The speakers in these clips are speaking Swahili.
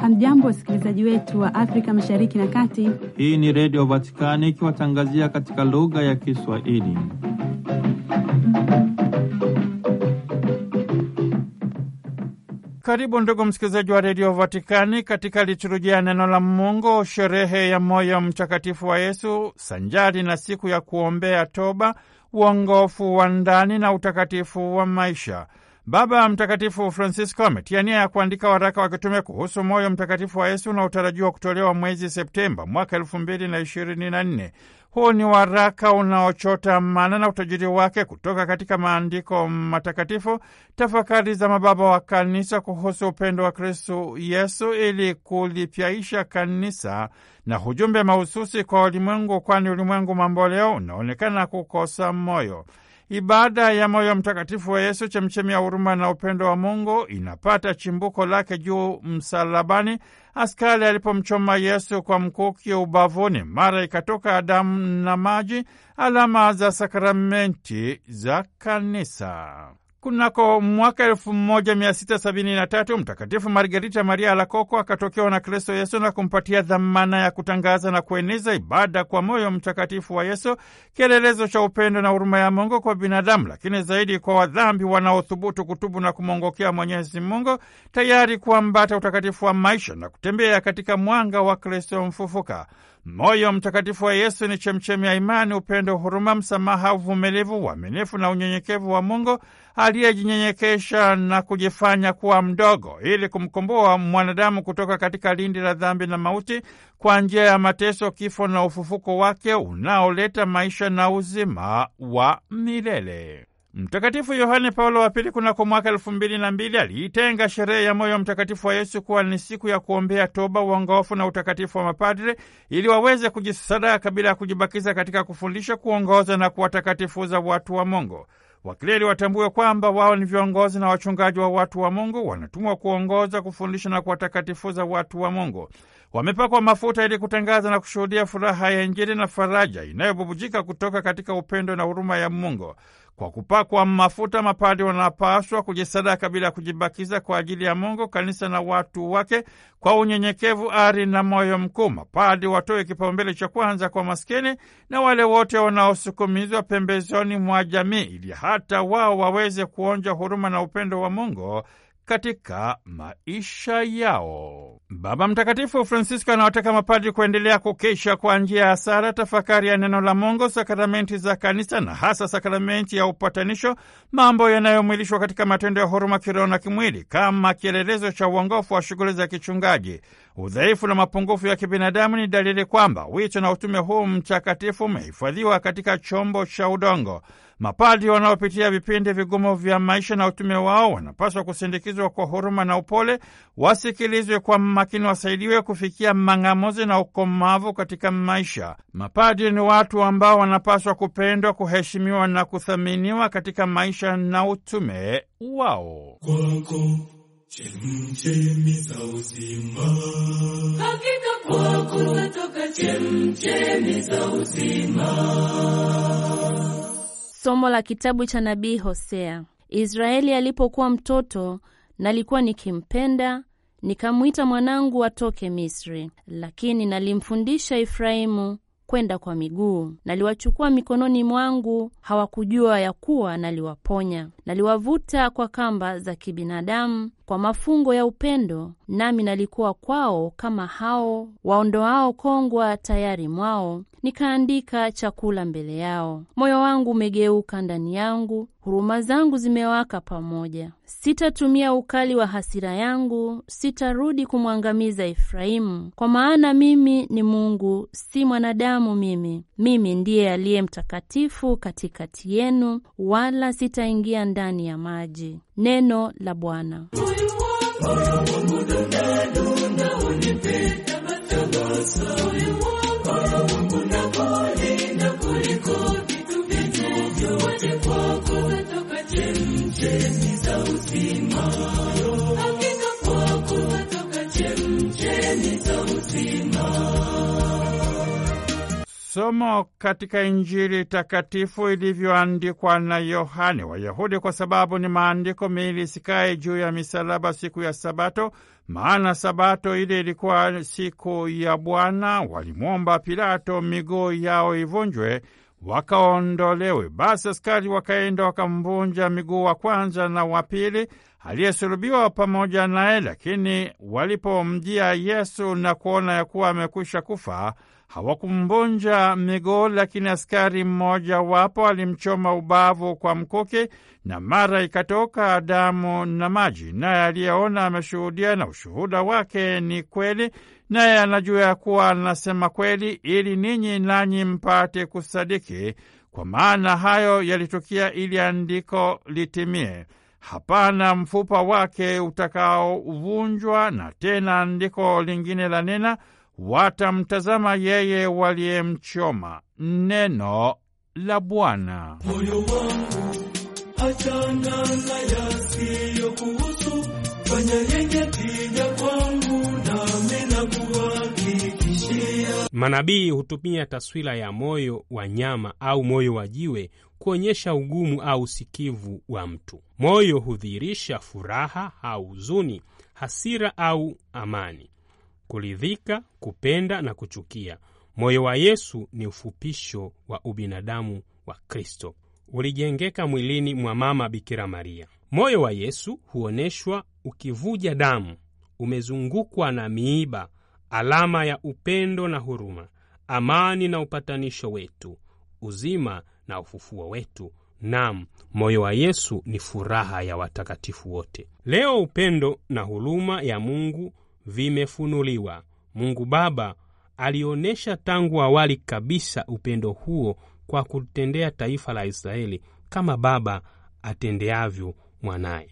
Hamjambo, wasikilizaji wetu wa Afrika mashariki na kati. Hii ni Redio Vatikani ikiwatangazia katika lugha ya Kiswahili. Karibu ndugu msikilizaji wa Redio Vatikani katika liturujia ya neno la Mungu, sherehe ya moyo mtakatifu wa Yesu sanjari na siku ya kuombea toba, uongofu wa ndani na utakatifu wa maisha Baba Mtakatifu Francisco ametia nia ya kuandika waraka wa kitume kuhusu moyo mtakatifu wa Yesu unaotarajiwa kutolewa mwezi Septemba mwaka elfu mbili na ishirini na nne. Huu ni waraka unaochota maana na utajiri wake kutoka katika maandiko matakatifu, tafakari za mababa wa kanisa kuhusu upendo wa Kristu Yesu ili kulipyaisha kanisa na hujumbe mahususi kwa ulimwengu, kwani ulimwengu mamboleo unaonekana kukosa moyo. Ibada ya moyo mtakatifu wa Yesu, chemchemi ya huruma na upendo wa Mungu, inapata chimbuko lake juu msalabani, askari alipomchoma Yesu kwa mkuki ubavuni, mara ikatoka damu na maji, alama za sakramenti za Kanisa. Kunako mwaka 1673 Mtakatifu Margarita Maria alakoko akatokewa na Kristo Yesu na kumpatia dhamana ya kutangaza na kueneza ibada kwa moyo mtakatifu wa Yesu, kielelezo cha upendo na huruma ya Mungu kwa binadamu, lakini zaidi kwa wadhambi wanaothubutu kutubu na kumwongokea Mwenyezi Mungu, tayari kuambata utakatifu wa maisha na kutembea katika mwanga wa Kristo mfufuka. Moyo mtakatifu wa Yesu ni chemchemi ya imani, upendo, huruma, msamaha, uvumilivu, uaminifu na unyenyekevu wa Mungu aliyejinyenyekesha na kujifanya kuwa mdogo ili kumkomboa mwanadamu kutoka katika lindi la dhambi na mauti kwa njia ya mateso, kifo na ufufuko wake unaoleta maisha na uzima wa milele. Mtakatifu Yohane Paulo wa Pili kunako mwaka elfu mbili na mbili aliitenga sherehe ya moyo mtakatifu wa Yesu kuwa ni siku ya kuombea toba, uongofu na utakatifu wa mapadre ili waweze kujisadaka bila ya kujibakiza katika kufundisha, kuongoza na kuwatakatifuza watu wa Mungu. Wakleri watambue kwamba wao ni viongozi na wachungaji wa watu wa Mungu, wanatumwa kuongoza, kufundisha na kuwatakatifuza watu wa Mungu wamepakwa mafuta ili kutangaza na kushuhudia furaha ya Injili na faraja inayobubujika kutoka katika upendo na huruma ya Mungu. Kwa kupakwa mafuta, mapadi wanapaswa kujisadaka bila kujibakiza kwa ajili ya Mungu, kanisa na watu wake, kwa unyenyekevu, ari na moyo mkuu. Mapadi watoe kipaumbele cha kwanza kwa maskini na wale wote wanaosukumizwa pembezoni mwa jamii, ili hata wao waweze kuonja huruma na upendo wa Mungu katika maisha yao. Baba Mtakatifu Francisco anawataka mapadri kuendelea kukesha kwa njia ya sala, tafakari ya neno la Mungu, sakramenti za kanisa na hasa sakramenti ya upatanisho, mambo yanayomwilishwa katika matendo ya huruma kiroho na kimwili, kama kielelezo cha uongofu wa shughuli za kichungaji. Udhaifu na mapungufu ya kibinadamu ni dalili kwamba wito na utume huu mtakatifu umehifadhiwa katika chombo cha udongo. Mapadi wanaopitia vipindi vigumu vya maisha na utume wao wanapaswa kusindikizwa kwa huruma na upole, wasikilizwe kwa makini, wasaidiwe kufikia mang'amuzi na ukomavu katika maisha. Mapadi ni watu ambao wanapaswa kupendwa, kuheshimiwa na kuthaminiwa katika maisha na utume wao. Kwako chemchemi za uzima, hakika kwako chemchemi za uzima. Somo la kitabu cha nabii Hosea. Israeli alipokuwa mtoto, nalikuwa nikimpenda nikamwita mwanangu atoke Misri, lakini nalimfundisha Efraimu kwenda kwa miguu, naliwachukua mikononi mwangu, hawakujua ya kuwa naliwaponya. Naliwavuta kwa kamba za kibinadamu, kwa mafungo ya upendo, nami nalikuwa kwao kama hao waondoao kongwa tayari mwao, nikaandika chakula mbele yao. Moyo wangu umegeuka ndani yangu, huruma zangu zimewaka pamoja. Sitatumia ukali wa hasira yangu, sitarudi kumwangamiza Efraimu, kwa maana mimi ni Mungu, si mwanadamu. Mimi mimi ndiye aliye mtakatifu katikati yenu, wala sitaingia ndani ya maji. Neno la Bwana. Hakika Somo katika Injili takatifu ilivyoandikwa na Yohane. Wayahudi kwa sababu ni maandiko, miili isikae juu ya misalaba siku ya Sabato, maana Sabato ile ilikuwa siku ya Bwana. Walimwomba Pilato miguu yao ivunjwe wakaondolewe. Basi askari wakaenda wakamvunja miguu wa kwanza na wa pili aliyesulubiwa pamoja naye, lakini walipomjia Yesu na kuona ya kuwa amekwisha kufa hawakumvunja miguu, lakini askari mmoja wapo alimchoma ubavu kwa mkuki na mara ikatoka damu na maji. Naye aliyeona ameshuhudia na ushuhuda wake ni kweli, naye anajua ya kuwa anasema kweli, ili ninyi nanyi mpate kusadiki. Kwa maana hayo yalitukia ili andiko litimie, hapana mfupa wake utakaovunjwa. Na tena andiko lingine la nena watamtazama yeye waliyemchoma. Neno la Bwana. Moyo wangu achana yasiyokuhusu, fanya yenye tija kwangu, nami nakuhakikishia. Manabii hutumia taswira ya moyo wa nyama au moyo wa jiwe kuonyesha ugumu au usikivu wa mtu. Moyo hudhihirisha furaha au huzuni, hasira au amani kuridhika, kupenda na kuchukia. Moyo wa Yesu ni ufupisho wa ubinadamu wa Kristo, ulijengeka mwilini mwa mama Bikira Maria. Moyo wa Yesu huonyeshwa ukivuja damu, umezungukwa na miiba, alama ya upendo na huruma, amani na upatanisho wetu, uzima na ufufuo wetu. nam moyo wa Yesu ni furaha ya watakatifu wote. Leo upendo na huruma ya Mungu vimefunuliwa. Mungu Baba alionyesha tangu awali kabisa upendo huo kwa kutendea taifa la Israeli kama baba atendeavyo mwanaye.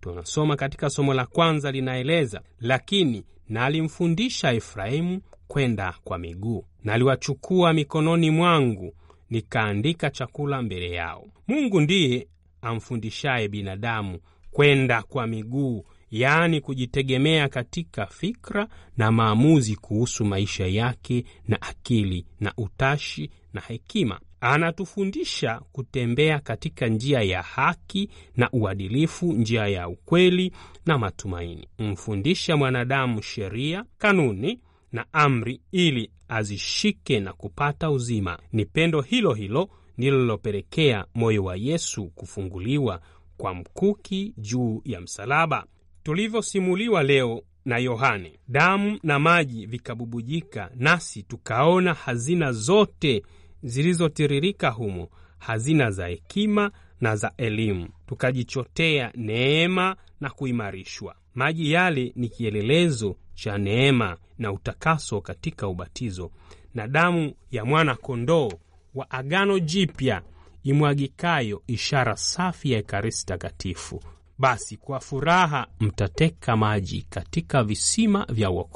Tunasoma katika somo la kwanza linaeleza, lakini nalimfundisha Efraimu kwenda kwa miguu, naliwachukua mikononi mwangu, nikaandika chakula mbele yao. Mungu ndiye amfundishaye binadamu kwenda kwa miguu yaani kujitegemea katika fikra na maamuzi kuhusu maisha yake na akili na utashi na hekima. Anatufundisha kutembea katika njia ya haki na uadilifu, njia ya ukweli na matumaini. Mfundisha mwanadamu sheria, kanuni na amri ili azishike na kupata uzima. Ni pendo hilo hilo lililopelekea moyo wa Yesu kufunguliwa kwa mkuki juu ya msalaba tulivyosimuliwa leo na Yohane, damu na maji vikabubujika, nasi tukaona hazina zote zilizotiririka humo, hazina za hekima na za elimu, tukajichotea neema na kuimarishwa. Maji yale ni kielelezo cha neema na utakaso katika ubatizo, na damu ya mwana kondoo wa Agano Jipya imwagikayo, ishara safi ya Ekaristi Takatifu basi kwa furaha mtateka maji katika visima vya vile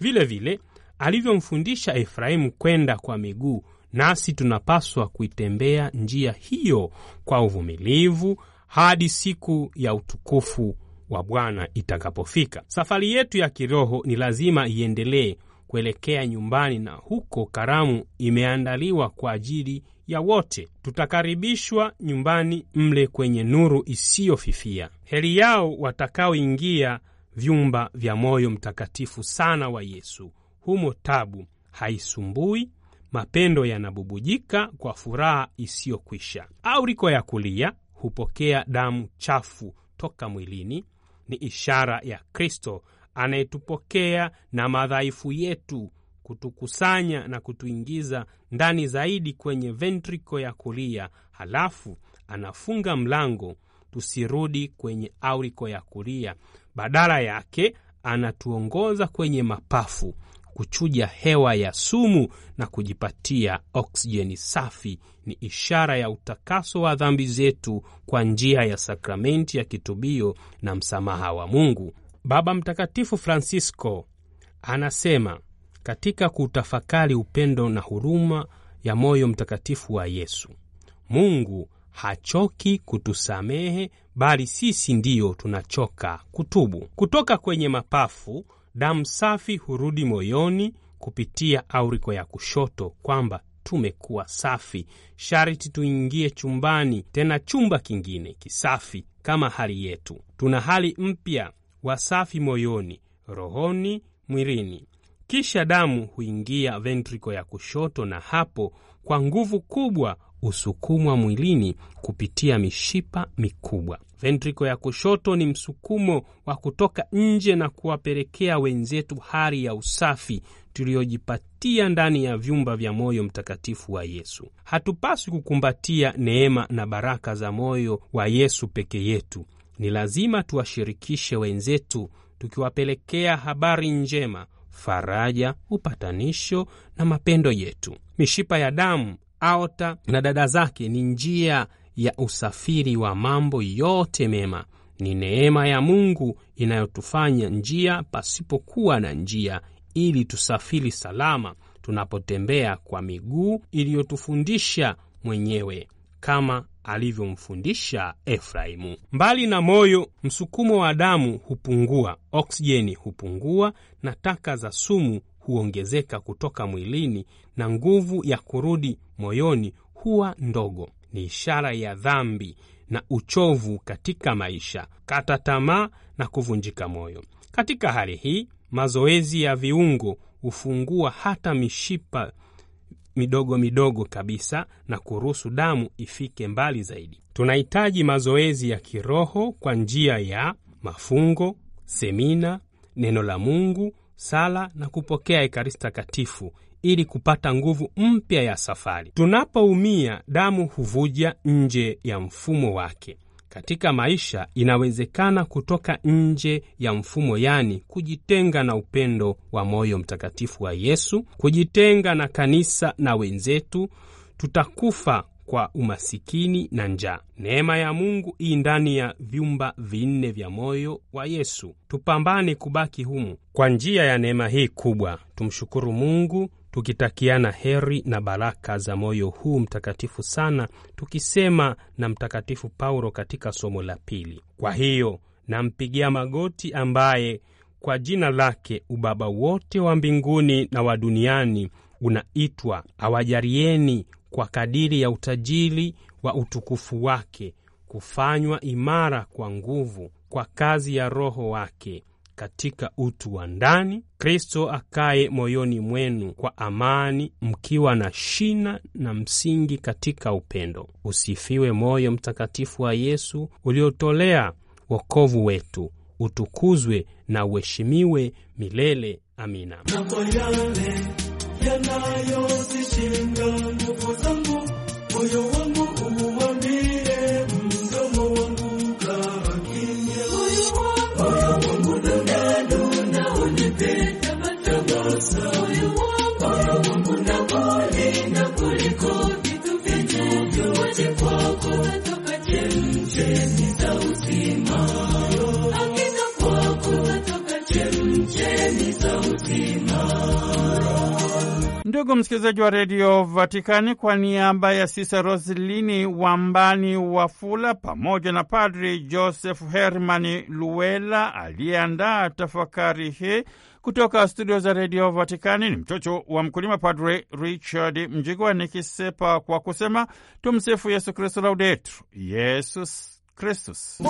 Vilevile alivyomfundisha Efraimu kwenda kwa miguu, nasi tunapaswa kuitembea njia hiyo kwa uvumilivu hadi siku ya utukufu wa Bwana itakapofika. Safari yetu ya kiroho ni lazima iendelee kuelekea nyumbani, na huko karamu imeandaliwa kwa ajili ya wote tutakaribishwa nyumbani mle kwenye nuru isiyofifia. Heri yao watakaoingia vyumba vya moyo mtakatifu sana wa Yesu. Humo tabu haisumbui, mapendo yanabubujika kwa furaha isiyokwisha. Auriko ya kulia hupokea damu chafu toka mwilini, ni ishara ya Kristo anayetupokea na madhaifu yetu kutukusanya na kutuingiza ndani zaidi kwenye ventriko ya kulia, halafu anafunga mlango tusirudi kwenye auriko ya kulia. Badala yake anatuongoza kwenye mapafu kuchuja hewa ya sumu na kujipatia oksijeni safi. Ni ishara ya utakaso wa dhambi zetu kwa njia ya sakramenti ya kitubio na msamaha wa Mungu. Baba Mtakatifu Francisco anasema katika kutafakari upendo na huruma ya moyo mtakatifu wa Yesu, Mungu hachoki kutusamehe, bali sisi ndiyo tunachoka kutubu. Kutoka kwenye mapafu damu safi hurudi moyoni kupitia auriko ya kushoto, kwamba tumekuwa safi. Sharti tuingie chumbani, tena chumba kingine kisafi kama hali yetu. Tuna hali mpya, wasafi moyoni, rohoni, mwilini. Kisha damu huingia ventriko ya kushoto, na hapo kwa nguvu kubwa husukumwa mwilini kupitia mishipa mikubwa. Ventriko ya kushoto ni msukumo wa kutoka nje na kuwapelekea wenzetu hali ya usafi tuliyojipatia ndani ya vyumba vya moyo mtakatifu wa Yesu. Hatupaswi kukumbatia neema na baraka za moyo wa Yesu peke yetu, ni lazima tuwashirikishe wenzetu, tukiwapelekea habari njema faraja, upatanisho na mapendo yetu. Mishipa ya damu, aota na dada zake ni njia ya usafiri wa mambo yote mema. Ni neema ya Mungu inayotufanya njia pasipokuwa na njia, ili tusafiri salama tunapotembea kwa miguu, iliyotufundisha mwenyewe kama alivyomfundisha Efraimu. Mbali na moyo, msukumo wa damu hupungua, oksijeni hupungua na taka za sumu huongezeka kutoka mwilini na nguvu ya kurudi moyoni huwa ndogo. Ni ishara ya dhambi na uchovu katika maisha, kata tamaa na kuvunjika moyo. Katika hali hii, mazoezi ya viungo hufungua hata mishipa midogo midogo kabisa na kuruhusu damu ifike mbali zaidi. Tunahitaji mazoezi ya kiroho kwa njia ya mafungo, semina, neno la Mungu, sala na kupokea Ekaristi Takatifu ili kupata nguvu mpya ya safari. Tunapoumia, damu huvuja nje ya mfumo wake katika maisha inawezekana kutoka nje ya mfumo, yani kujitenga na upendo wa moyo mtakatifu wa Yesu, kujitenga na kanisa na wenzetu, tutakufa kwa umasikini na njaa. Neema ya Mungu ii ndani ya vyumba vinne vya moyo wa Yesu. Tupambane kubaki humu. Kwa njia ya neema hii kubwa, tumshukuru Mungu tukitakiana heri na baraka za moyo huu mtakatifu sana, tukisema na Mtakatifu Paulo katika somo la pili: kwa hiyo nampigia magoti ambaye kwa jina lake ubaba wote wa mbinguni na wa duniani unaitwa, awajarieni kwa kadiri ya utajiri wa utukufu wake, kufanywa imara kwa nguvu kwa kazi ya Roho wake katika utu wa ndani, Kristo akaye moyoni mwenu kwa amani, mkiwa na shina na msingi katika upendo. Usifiwe moyo mtakatifu wa Yesu uliotolea wokovu wetu, utukuzwe na uheshimiwe milele. Amina. Ndugu msikilizaji wa redio Vatikani, kwa niaba ya Sisa roselini Wambani Wafula pamoja na Padri Joseph Hermani Luela aliyeandaa tafakari hii kutoka studio za redio Vatikani ni mtoto wa mkulima, Padre Richard Mjigwa nikisepa kwa kusema tumsifu Yesu Kristu, laudetur Yesus Kristus.